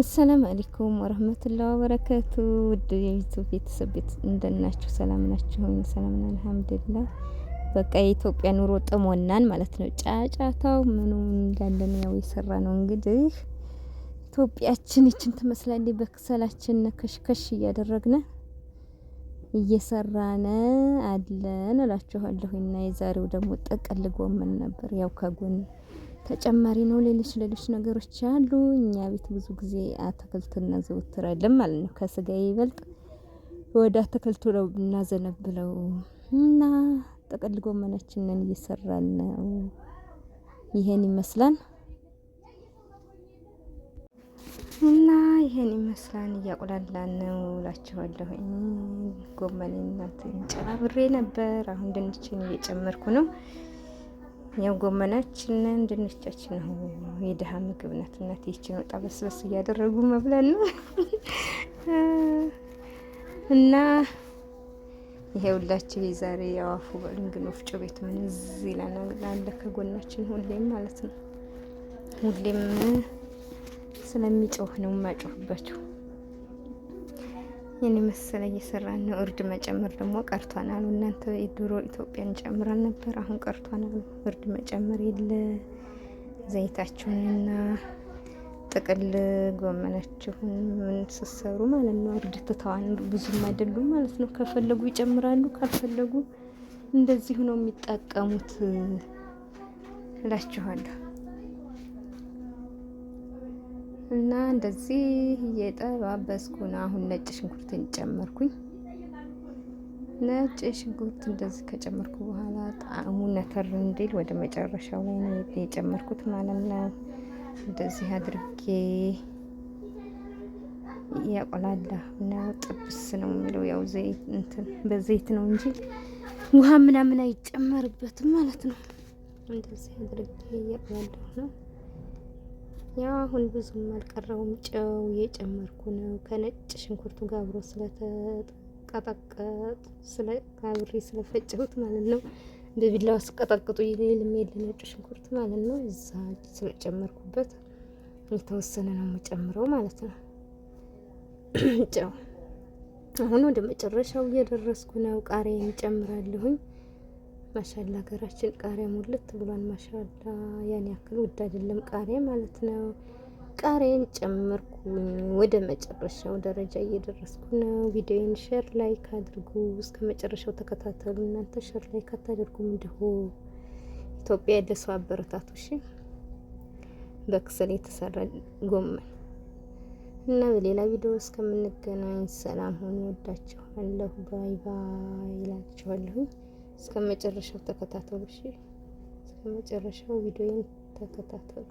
አሰላም አለይኩም ወረህመቱላሂ ወበረከቱ። ውድ የዩቱብ ቤተሰብ ቤት እንደናችሁ ሰላም ናችሁ? ሰላም ነን አልሐምዱሊላህ። በቃ የኢትዮጵያ ኑሮ ጥሞናን ማለት ነው። ጫጫታው ምኑ እንዳለን ያው የሰራ ነው እንግዲህ ኢትዮጵያችን ይችን ትመስላለች። በክሰላችን ከሽከሽ እያደረግነ እየሰራነ አለን እላችኋለሁ። እና የዛሬው ደግሞ ጥቅል ጎመን ነበር ያው ከጎን ተጨማሪ ነው። ሌሎች ሌሎች ነገሮች አሉ። እኛ ቤት ብዙ ጊዜ አትክልት እናዘወትራለን ማለት ነው። ከስጋ ይበልጥ ወደ አትክልቱ ነው እናዘነብለው እና ጥቅል ጎመናችንን እየሰራን ነው። ይሄን ይመስላል እና ይሄን ይመስላል እያቁላላን ነው እላችኋለሁ። ጎመንና እናት ብሬ ነበር። አሁን ድንችን እየጨመርኩ ነው። ያው ጎመናችንን ድንቻችን ነው የድሀ ምግብነት እናት ይችን ወጣ በስበስ እያደረጉ መብላት ነው እና ይሄ ሁላችሁ የዛሬ የአዋፉ በሉ እንግዲህ ወፍጮ ቤት ምን እዚህ ላለ ከጎናችን ሁሌም ማለት ነው ሁሌም ስለሚጮህ ነው የማጮህባችሁ ይህን መሰለ እየሰራን ነው። እርድ መጨመር ደግሞ ቀርቷን አሉ እናንተ የድሮ ኢትዮጵያን ጨምረን ነበር፣ አሁን ቀርቷን አሉ። እርድ መጨመር የለ ዘይታችሁንና ጥቅል ጎመናችሁን ምን ስሰሩ ማለት ነው። እርድ ትተዋን ብዙም አይደሉም ማለት ነው። ከፈለጉ ይጨምራሉ፣ ካልፈለጉ እንደዚሁ ነው የሚጠቀሙት እላችኋለሁ። እና እንደዚህ እየጠባበስኩ አሁን ነጭ ሽንኩርትን ጨመርኩኝ። ነጭ ሽንኩርት እንደዚህ ከጨመርኩ በኋላ ጣዕሙ ነከር እንዲል ወደ መጨረሻው ነው የጨመርኩት ማለት ነው። እንደዚህ አድርጌ ያቆላላ እና ጥብስ ነው የሚለው ያው ዘይት እንትን በዘይት ነው እንጂ ውሃ ምናምን አይጨመርበትም ማለት ነው። እንደዚህ አድርጌ ያቆላላ ነው። ያው አሁን ብዙም አልቀረውም። ጨው እየጨመርኩ ነው ከነጭ ሽንኩርቱ ጋር አብሮ ስለተቀጠቀጥ ስለ አብሬ ስለፈጨሁት ማለት ነው። በቢላዋ ስቀጠቅጡ ይልም የለ ነጭ ሽንኩርት ማለት ነው። እዛ ስለጨመርኩበት የተወሰነ ነው የምጨምረው ማለት ነው። ጨው አሁን ወደ መጨረሻው እየደረስኩ ነው። ቃሪያን ጨምራለሁኝ። ማሻላ ሀገራችን ቃሪያ ሙልት ብሏል። ማሻላ ያን ያክል ውድ አይደለም ቃሪያ ማለት ነው። ቃሪያን ጨመርኩኝ። ወደ መጨረሻው ደረጃ እየደረስኩ ነው። ቪዲዮን ሸር ላይክ አድርጉ። እስከ መጨረሻው ተከታተሉ። እናንተ ሸር ላይክ አታደርጉም እንዲሁ ኢትዮጵያ ያለ አበረታቱ። እሺ በክሰል የተሰራ ጎመን እና በሌላ ቪዲዮ እስከምንገናኝ ሰላም ሆኑ። ወዳችኋለሁ። ባይ ባይ ላችኋለሁኝ። እስከ መጨረሻው ተከታተሉ። እሺ፣ እስከ መጨረሻው ቪዲዮን ተከታተሉ።